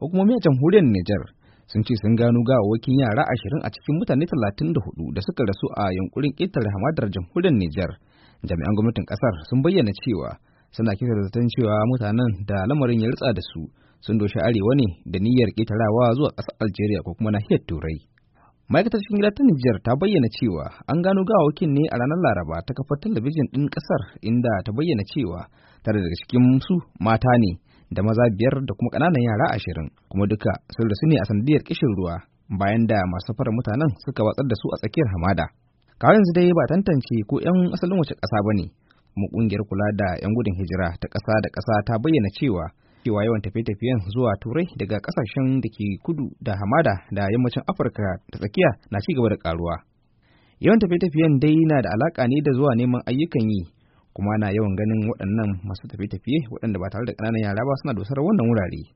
Hukumomi a jamhuriyar Nijar sun ce sun gano gawawakin yara ashirin a cikin mutane talatin da hudu da suka rasu a yankurin ƙetare hamadar jamhuriyar Nijar. Jami'an gwamnatin ƙasar sun bayyana cewa suna kisa da zaton cewa mutanen da lamarin ya ritsa da su sun doshi arewa ne da niyyar ƙetarawa zuwa ƙasar Algeria ko kuma nahiyar Turai. Ma'aikatar cikin gida ta Nijar ta bayyana cewa an gano gawawakin ne a ranar Laraba ta kafar talabijin ɗin ƙasar inda ta bayyana cewa tare daga cikin su mata ne da maza biyar da kuma ƙananan yara ashirin kuma duka sun rasu ne a sanadiyar kishin ruwa bayan da masu fara mutanen suka watsar da su a tsakiyar hamada kawai yanzu dai ba tantance ko 'yan asalin wace ƙasa ba ne kuma ƙungiyar kula da 'yan gudun hijira ta ƙasa da ƙasa ta bayyana cewa cewa yawan tafiye-tafiyen zuwa turai daga ƙasashen da ke kudu da hamada da yammacin afirka da tsakiya na ci gaba da ƙaruwa yawan tafiye-tafiyen dai na da alaƙa ne da zuwa neman ayyukan yi kuma na yawan ganin waɗannan masu tafiye-tafiye waɗanda ba tare da ƙananan yara ba suna dosar wannan wurare